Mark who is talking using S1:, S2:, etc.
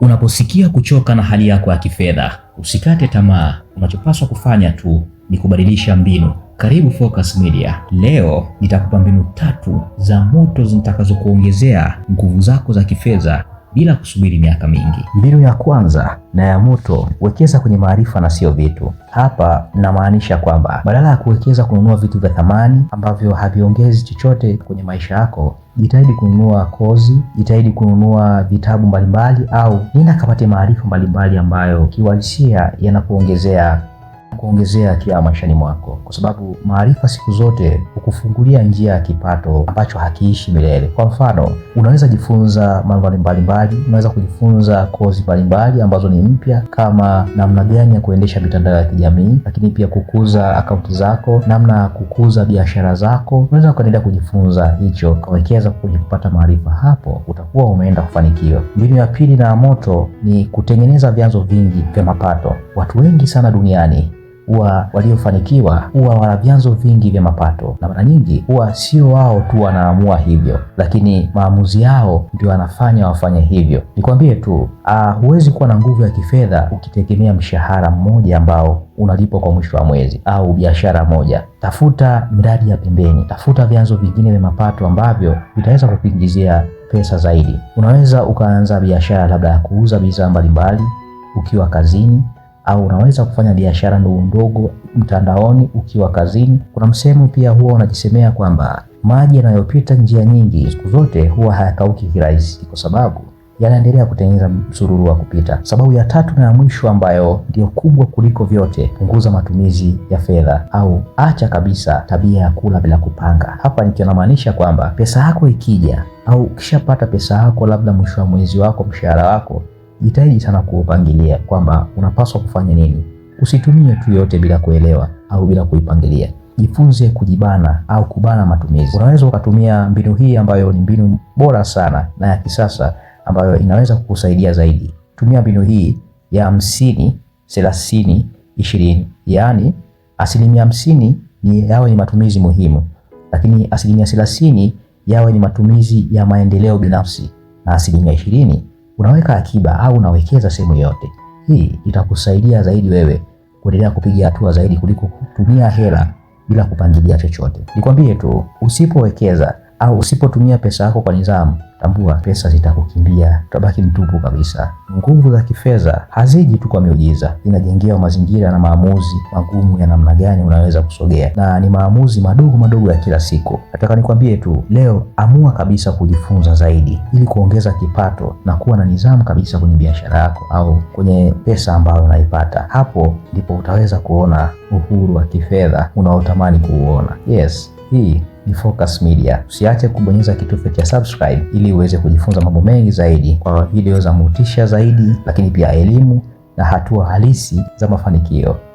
S1: Unaposikia kuchoka na hali yako ya kifedha, usikate tamaa. Unachopaswa kufanya tu ni kubadilisha mbinu. Karibu Focus Media. Leo nitakupa mbinu tatu za moto zitakazokuongezea nguvu zako za kifedha bila kusubiri miaka mingi.
S2: Mbinu ya kwanza na ya moto, wekeza kwenye maarifa na sio vitu. Hapa namaanisha kwamba badala ya kuwekeza kununua vitu vya thamani ambavyo haviongezi chochote kwenye maisha yako, jitahidi kununua kozi, jitahidi kununua vitabu mbalimbali, au nenda kapate maarifa mbalimbali ambayo kiuhalisia yanakuongezea kuongezea kila maishani mwako, kwa sababu maarifa siku zote kukufungulia njia ya kipato ambacho hakiishi milele. Kwa mfano, unaweza jifunza mambo mbalimbali, unaweza kujifunza kozi mbalimbali ambazo ni mpya, kama namna gani ya kuendesha mitandao ya kijamii, lakini pia kukuza akaunti zako, namna ya kukuza biashara zako. Unaweza ukaendelea kujifunza hicho, ukawekeza kwenye kupata maarifa, hapo utakuwa umeenda kufanikiwa. Mbinu ya pili na moto ni kutengeneza vyanzo vingi vya mapato. Watu wengi sana duniani huwa waliofanikiwa huwa wana vyanzo vingi vya mapato, na mara nyingi huwa sio wao tu wanaamua hivyo, lakini maamuzi yao ndio wanafanya wafanye hivyo. Nikwambie tu ah, huwezi kuwa na nguvu ya kifedha ukitegemea mshahara mmoja ambao unalipwa kwa mwisho wa mwezi au biashara moja. Tafuta miradi ya pembeni, tafuta vyanzo vingine vya mapato ambavyo vitaweza kukuingizia pesa zaidi. Unaweza ukaanza biashara labda ya kuuza bidhaa mbalimbali ukiwa kazini au unaweza kufanya biashara ndogo ndogo mtandaoni ukiwa kazini. Kuna msemo pia huwa unajisemea kwamba maji yanayopita njia nyingi siku zote huwa hayakauki kirahisi, kwa sababu yanaendelea kutengeneza msururu wa kupita. Sababu ya tatu na ya mwisho ambayo ndiyo kubwa kuliko vyote, punguza matumizi ya fedha au acha kabisa tabia ya kula bila kupanga. Hapa nikiwa namaanisha kwamba pesa yako ikija au ukishapata pesa yako, labda mwisho wa mwezi wako, mshahara wako jitahidi sana kuupangilia kwamba unapaswa kufanya nini. Usitumie tu yote bila kuelewa au bila kuipangilia. Jifunze kujibana au kubana matumizi. Unaweza ukatumia mbinu hii ambayo ni mbinu bora sana na ya kisasa ambayo inaweza kukusaidia zaidi. Tumia mbinu hii ya hamsini thelathini ishirini, yaani asilimia hamsini ni yawe ni matumizi muhimu, lakini asilimia thelathini yawe ni matumizi ya maendeleo binafsi na asilimia ishirini unaweka akiba au unawekeza sehemu yoyote, hii itakusaidia zaidi wewe kuendelea kupiga hatua zaidi kuliko kutumia hela bila kupangilia chochote. Nikwambie tu usipowekeza au usipotumia pesa yako kwa nidhamu, tambua pesa zitakukimbia, utabaki mtupu kabisa. Nguvu za kifedha haziji tu kwa miujiza, zinajengewa mazingira na maamuzi magumu ya namna gani unaweza kusogea, na ni maamuzi madogo madogo ya kila siku. Nataka nikwambie tu leo, amua kabisa kujifunza zaidi ili kuongeza kipato na kuwa na nidhamu kabisa kwenye biashara yako au kwenye pesa ambayo unaipata. Hapo ndipo utaweza kuona uhuru wa kifedha unaotamani kuuona. Yes, hii ni Focus Media. Usiache kubonyeza kitufe cha subscribe ili uweze kujifunza mambo mengi zaidi kwa video za motisha zaidi, lakini pia elimu na hatua halisi za mafanikio.